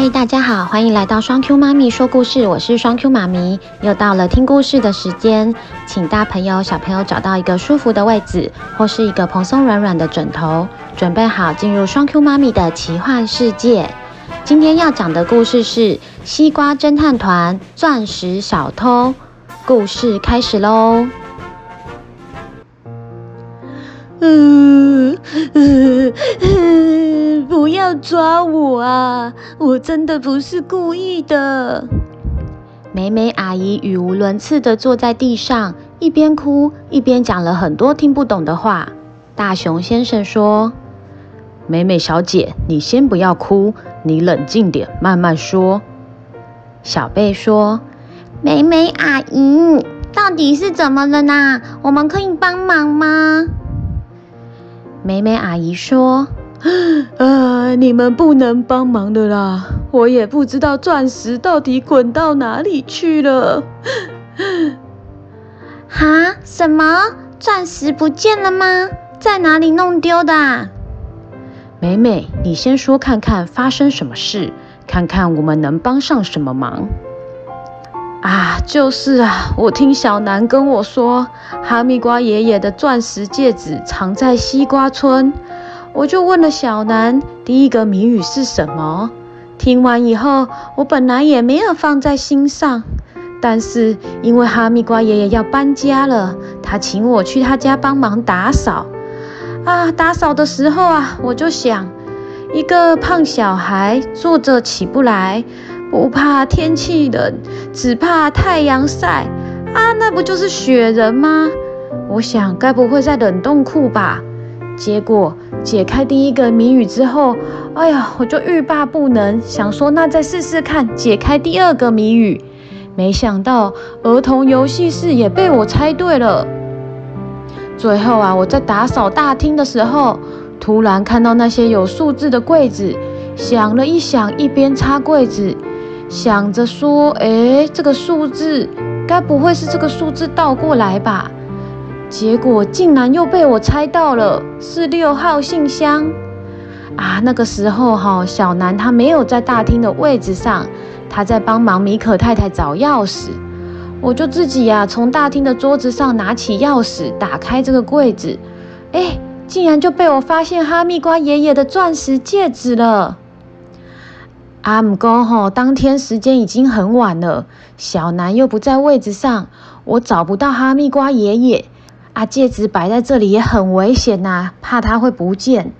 嗨、hey，大家好，歡迎來到雙 Q 媽咪說故事，我是雙 Q 媽咪，又到了聽故事的時間，請大朋友小朋友找到一個舒服的位置，或是一個蓬鬆軟軟的枕頭，準備好進入雙 Q 媽咪的奇幻世界。今天要講的故事是《西瓜偵探團：鑽石小偷》，故事開始嘍。嗯。呵呵呵呵，不要抓我啊！我真的不是故意的。美美阿姨語無倫次的坐在地上，一邊哭一邊講了很多聽不懂的話。大熊先生說：“美美小姐，你先不要哭，你冷靜點，慢慢說。”小貝說：“美美阿姨，到底是怎麼了呢？我們可以幫忙嗎？”美美阿姨說：“呃，你們不能幫忙的啦，我也不知道鑽石到底滾到哪裡去了。 ”“啊，什麼？鑽石不見了嗎？在哪裡弄丟的啊？”美美，你先說看看發生什麼事，看看我們能幫上什麼忙。啊，就是啊，我聽小南跟我說，哈密瓜爺爺的鑽石戒指藏在西瓜村，我就問了小南第一個謎語是什麼？聽完以後，我本來也沒有放在心上，但是因為哈密瓜爺爺要搬家了，他請我去他家幫忙打掃。啊，打掃的時候啊，我就想，一個胖小孩坐着起不來。不怕天氣冷，只怕太陽曬啊！那不就是雪人嗎？我想該不會在冷凍庫吧？結果解開第一個謎語之後，哎呀，我就欲罷不能，想說那再試試看解開第二個謎語。沒想到兒童遊戲室也被我猜對了。最後啊，我在打掃大廳的時候，突然看到那些有數字的櫃子，想了一想，一邊擦櫃子。想着說：“哎，這個數字，該不會是這個數字倒過來吧？”結果竟然又被我猜到了，是六號信箱啊！那個時候哈，小南他沒有在大廳的位置上，他在幫忙米可太太找鑰匙，我就自己呀、啊、從大廳的桌子上拿起鑰匙，打開這個櫃子，哎，竟然就被我發現哈密瓜爺爺的鑽石戒指了。阿姆哥吼，當天時間已經很晚了，小南又不在位置上，我找不到哈密瓜爺爺。啊戒指擺在這裡也很危險吶，啊，怕他會不見。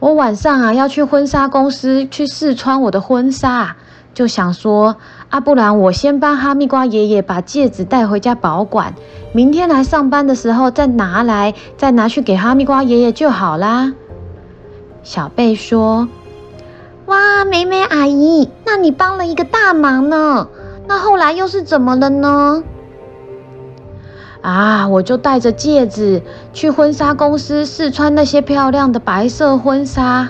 我晚上啊要去婚紗公司去試穿我的婚紗，就想說，啊，不然我先幫哈密瓜爺爺把戒指帶回家保管，明天來上班的時候再拿來，再拿去給哈密瓜爺爺就好啦。小貝說。哇，美美阿姨，那你幫了一個大忙呢。那後來又是怎麼了呢？啊，我就帶着戒指去婚紗公司試穿那些漂亮的白色婚紗。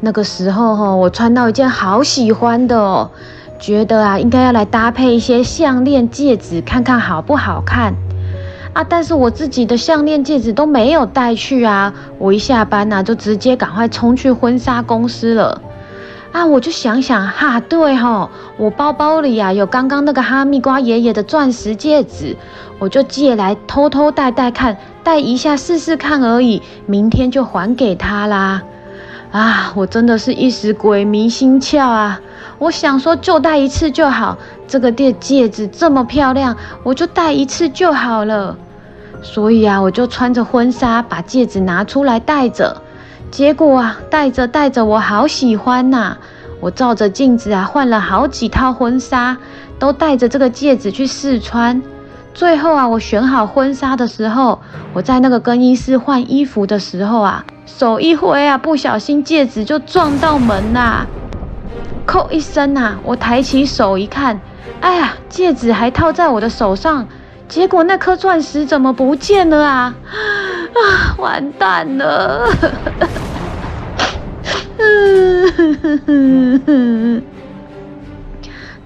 那個時候哈、哦，我穿到一件好喜歡的，哦，覺得啊，應該要來搭配一些項鏈、戒指看看好不好看啊。但是我自己的項鏈、戒指都沒有帶去啊。我一下班吶、啊，就直接趕快衝去婚紗公司了。啊，我就想想哈、啊，對哈、哦，我包包裡呀、啊、有剛剛那個哈密瓜爺爺的鑽石戒指，我就借來偷偷戴，戴戴看，戴一下試試看而已，明天就還給他啦。啊，我真的是一時鬼迷心竅啊！我想說就戴一次就好，這個戒戒指這麼漂亮，我就戴一次就好了。所以啊，我就穿着婚紗把戒指拿出來戴着。結果啊，戴着戴着，我好喜歡吶、啊！我照着鏡子啊，換了好幾套婚紗，都帶着這個戒指去試穿。最後啊，我選好婚紗的時候，我在那個更衣室換衣服的時候啊，手一揮啊，不小心戒指就撞到門啦、啊，扣一聲啊，我抬起手一看，哎呀，戒指還套在我的手上，結果那顆鑽石怎麼不見了啊？啊，完蛋了！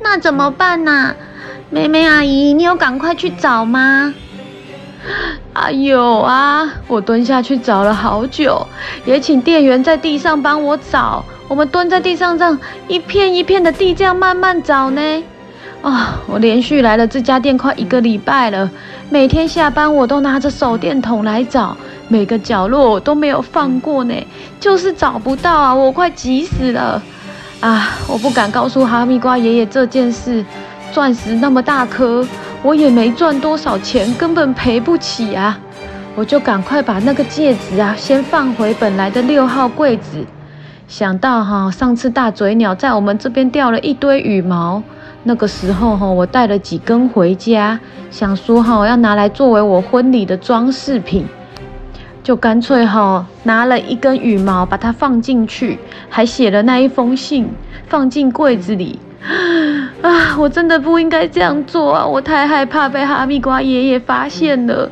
那怎麼辦呢、啊？妹妹阿姨，你有趕快去找嗎？啊，有啊，我蹲下去找了好久，也請店員在地上幫我找。我們蹲在地上這樣，讓一片一片的地這樣慢慢找呢。啊、哦，我連續來了這家店快一個禮拜了，每天下班我都拿着手電筒來找。每個角落我都沒有放過呢，就是找不到啊！我快急死了啊！我不敢告訴哈密瓜爺爺這件事。鑽石那麼大顆，我也沒賺多少錢，根本賠不起啊！我就趕快把那個戒指啊，先放回本來的六號櫃子。想到哈，上次大嘴鳥在我們這邊掉了一堆羽毛，那個時候哈，我帶了幾根回家，想說哈，要拿來作為我婚禮的裝飾品。就乾脆哈拿了一根羽毛，把它放進去，還寫了那一封信，放進櫃子裡。啊，我真的不應該這樣做啊！我太害怕被哈密瓜爺爺發現了，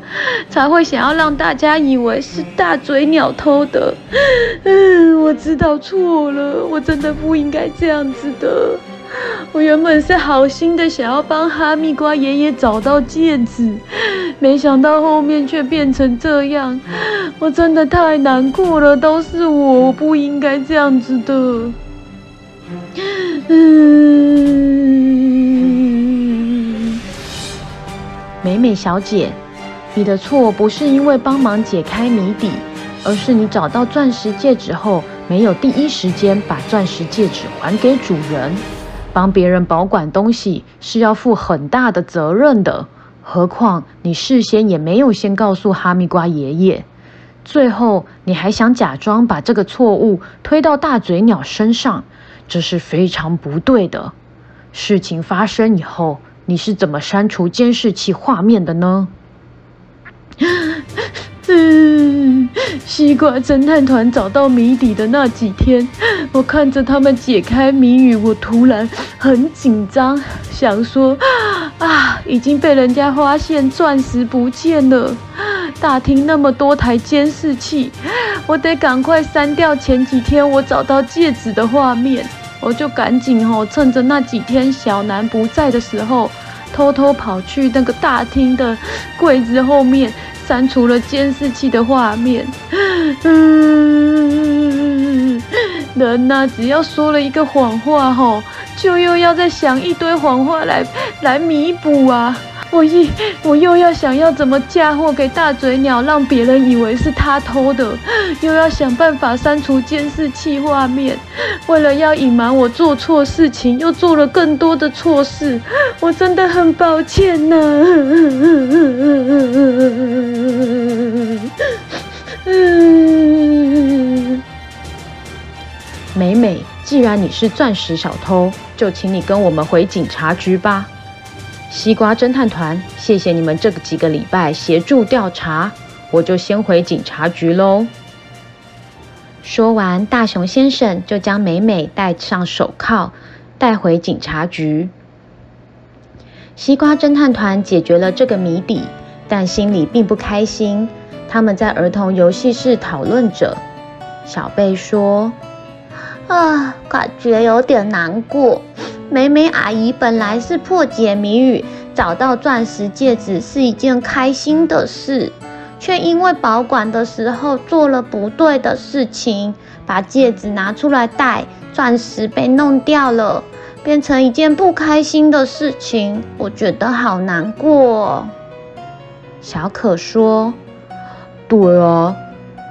才會想要讓大家以為是大嘴鳥偷的。嗯，我知道錯了，我真的不應該這樣子的。我原本是好心的，想要幫哈密瓜爺爺找到戒指，沒想到後面卻變成這樣，我真的太難過了，都是我，我不應該這樣子的。嗯，美美小姐，你的錯不是因為幫忙解開謎底，而是你找到鑽石戒指後，沒有第一時間把鑽石戒指還給主人。幫別人保管東西是要負很大的責任的，何況你事先也沒有先告訴哈密瓜爺爺，最後你還想假裝把這個錯誤推到大嘴鳥身上，這是非常不對的。事情發生以後，你是怎麼刪除監視器畫面的呢？ 嗯，西瓜偵探團找到謎底的那幾天，我看着他們解開謎語，我突然很緊張，想說啊，已經被人家發現鑽石不見了。大廳那麼多台監視器，我得趕快刪掉前幾天我找到戒指的畫面。我就趕緊吼、哦，趁着那幾天小南不在的時候，偷偷跑去那個大廳的櫃子後面。刪除了監視器的畫面。嗯，人吶、啊，只要說了一個謊話、哦，吼，就又要再想一堆謊話來來彌補啊。我一我又要想要怎麼嫁禍給大嘴鳥，讓別人以為是他偷的，又要想辦法刪除監視器畫面，為了要隱瞞我做錯事情，又做了更多的錯事，我真的很抱歉吶、啊。美美，既然你是鑽石小偷，就請你跟我們回警察局吧。西瓜偵探團，謝謝你們這幾個禮拜協助調查，我就先回警察局嘍。說完，大熊先生就將美美戴上手銬，帶回警察局。西瓜偵探團解決了這個謎底，但心裡並不開心。他們在兒童遊戲室討論着，小貝說：“啊，感覺有點難過。”美美阿姨本來是破解謎語、找到鑽石戒指是一件開心的事，卻因為保管的時候做了不對的事情，把戒指拿出來戴，鑽石被弄掉了，變成一件不開心的事情。我覺得好難過。小可說：“對啊，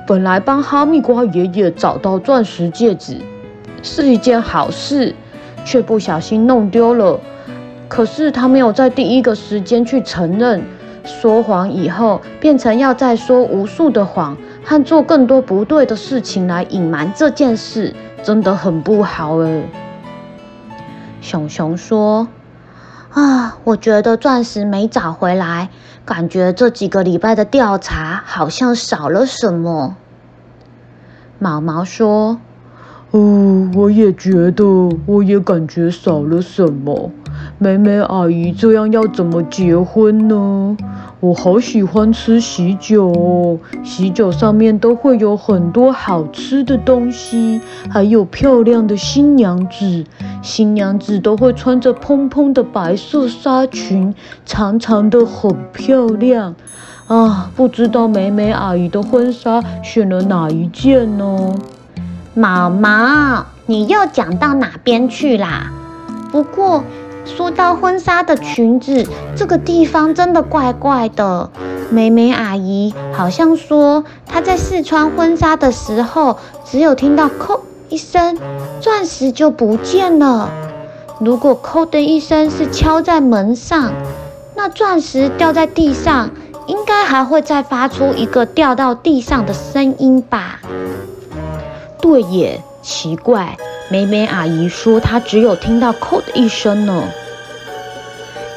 本來幫哈密瓜爺爺找到鑽石戒指是一件好事。”卻不小心弄丟了，可是他沒有在第一個時間去承認，說謊以後變成要再說無數的謊和做更多不對的事情來隱瞞這件事，真的很不好哎、欸。熊熊說：“啊，我覺得鑽石沒找回來，感覺這幾個禮拜的調查好像少了什麼。”毛毛說。哦、呃，我也覺得，我也感覺少了什麼。美美阿姨這樣要怎麼結婚呢？我好喜歡吃喜酒哦，喜酒上面都會有很多好吃的東西，還有漂亮的新娘子。新娘子都會穿着蓬蓬的白色紗裙，長長的，很漂亮。啊，不知道美美阿姨的婚紗選了哪一件呢？毛毛，你又講到哪邊去啦？不過說到婚紗的裙子，這個地方真的怪怪的。美美阿姨好像說，她在試穿婚紗的時候，只有聽到叩一聲，鑽石就不見了。如果叩的一聲是敲在門上，那鑽石掉在地上，應該還會再發出一個掉到地上的聲音吧？對耶，奇怪，美美阿姨說她只有聽到扣的一聲呢。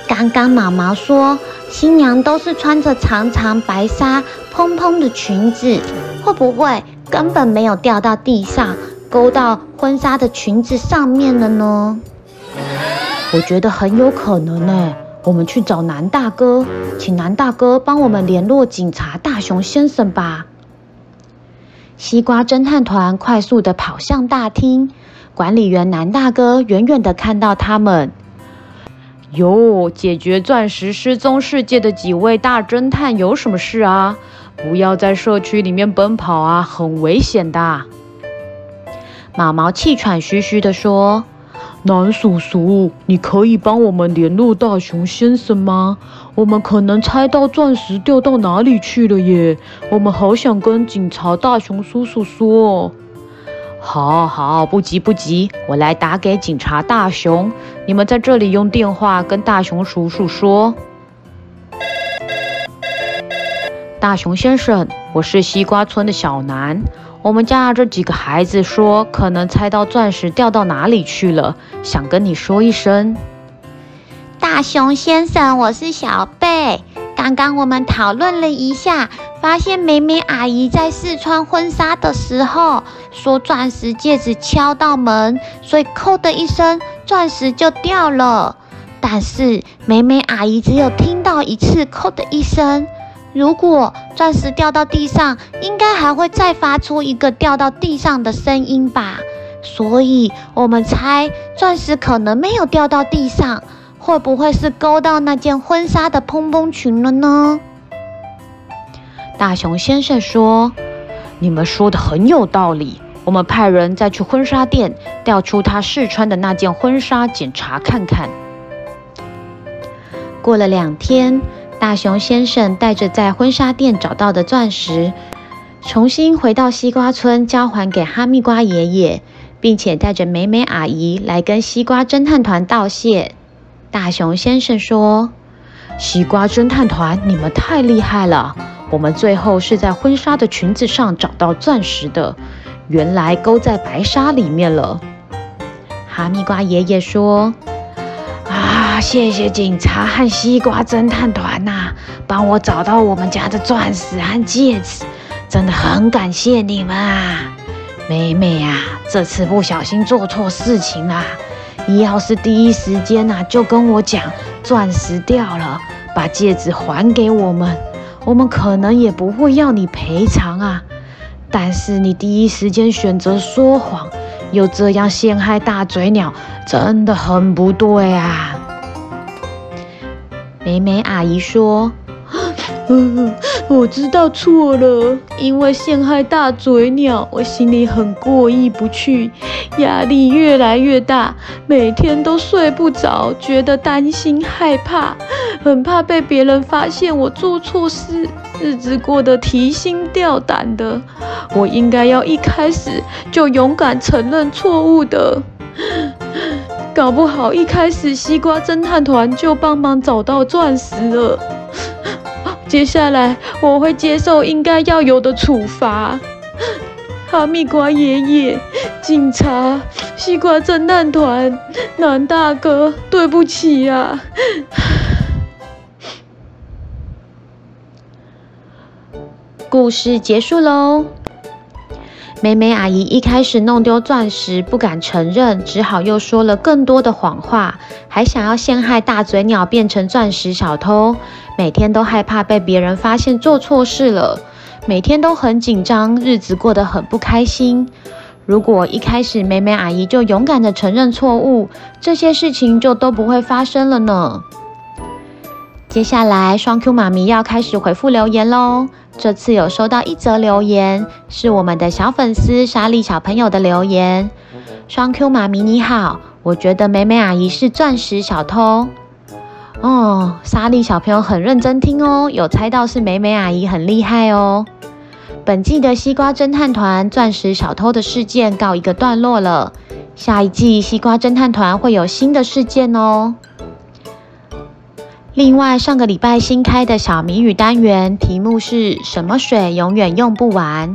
剛剛媽媽說新娘都是穿着長長白紗蓬蓬的裙子，會不會根本沒有掉到地上，勾到婚紗的裙子上面了呢？我覺得很有可能呢。我們去找男大哥，請男大哥幫我們聯絡警察大熊先生吧。西瓜偵探團快速的跑向大廳，管理員南大哥遠遠的看到他們。喲，解決鑽石失蹤事件的幾位大偵探有什麼事啊？不要在社區裡面奔跑啊，很危險的。毛毛氣喘吁吁地說。南叔叔，你可以幫我們聯絡大熊先生嗎？我們可能猜到鑽石掉到哪裡去了耶，我們好想跟警察大熊叔叔說哦。好好，不急不急，我來打給警察大熊。你們在這裡用電話跟大熊叔叔說。大熊先生，我是西瓜村的小南。」我們家這幾個孩子說，可能猜到鑽石掉到哪裡去了，想跟你說一聲，大熊先生，我是小貝。剛剛我們討論了一下，發現美美阿姨在試穿婚紗的時候，說鑽石戒指敲到門，所以“扣”的一聲，鑽石就掉了。但是美美阿姨只有聽到一次“扣”的一聲。如果鑽石掉到地上，應該還會再發出一個掉到地上的聲音吧？所以我們猜鑽石可能沒有掉到地上，會不會是勾到那件婚紗的蓬蓬裙了呢？大熊先生說：“你們說的很有道理，我們派人再去婚紗店調出他試穿的那件婚紗檢查看看。”過了兩天。大熊先生帶着在婚紗店找到的鑽石，重新回到西瓜村交還給哈密瓜爺爺，並且帶着美美阿姨來跟西瓜偵探團道謝。大熊先生說：“西瓜偵探團，你們太厲害了！我們最後是在婚紗的裙子上找到鑽石的，原來勾在白紗裡面了。”哈密瓜爺爺說，啊、謝謝警察和西瓜偵探團吶、啊，幫我找到我們家的鑽石和戒指，真的很感謝你們啊！美美啊，這次不小心做錯事情啦、啊。你要是第一時間吶、啊、就跟我講鑽石掉了，把戒指還給我們，我們可能也不會要你賠償啊。但是你第一時間選擇說謊，又這樣陷害大嘴鳥，真的很不對啊！美美阿姨說呵呵：“我知道錯了，因為陷害大嘴鳥，我心裡很過意不去，壓力越來越大，每天都睡不着，覺得擔心害怕，很怕被別人發現我做錯事，日子過得提心吊膽的。我應該要一開始就勇敢承認錯誤的。”搞不好一開始西瓜偵探團就幫忙找到鑽石了。接下來我會接受應該要有的處罰。哈密瓜爺爺、警察、西瓜偵探團、南大哥，對不起呀！啊。故事結束嘍。美美阿姨一開始弄丟鑽石，不敢承認，只好又說了更多的謊話，還想要陷害大嘴鳥變成鑽石小偷，每天都害怕被別人發現做錯事了，每天都很緊張，日子過得很不開心。如果一開始美美阿姨就勇敢地承認錯誤，這些事情就都不會發生了呢。接下來，雙 Q 媽咪要開始回覆留言嘍。這次有收到一則留言，是我們的小粉絲莎莉小朋友的留言。雙 Q 媽咪你好，我覺得美美阿姨是鑽石小偷。哦，莎莉小朋友很認真聽哦，有猜到是美美阿姨很厲害哦。本季的西瓜偵探團鑽石小偷的事件告一個段落了，下一季西瓜偵探團會有新的事件哦。另外，上個禮拜新開的小謎語單元題目是：什麼水永遠用不完？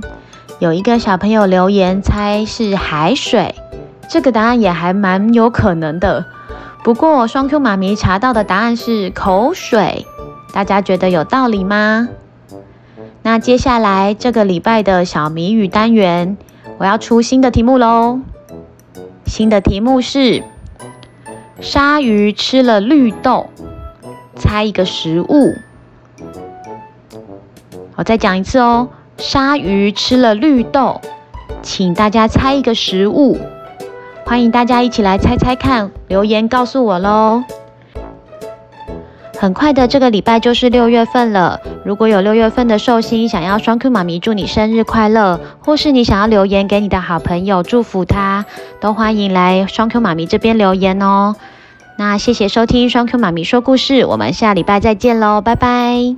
有一個小朋友留言猜是海水，這個答案也還蠻有可能的。不過雙 Q 媽咪查到的答案是口水，大家覺得有道理嗎？那接下來這個禮拜的小謎語單元，我要出新的題目嘍。新的題目是：鯊魚吃了綠豆。猜一個食物，我再講一次哦。鯊魚吃了綠豆，請大家猜一個食物，歡迎大家一起來猜猜看，留言告訴我嘍。很快的，這個禮拜就是六月份了。如果有六月份的壽星想要雙 Q 媽咪祝你生日快樂，或是你想要留言給你的好朋友祝福他，都歡迎來雙 Q 媽咪這邊留言哦。那謝謝收聽雙 Q 媽咪說故事，我們下禮拜再見嘍，拜拜。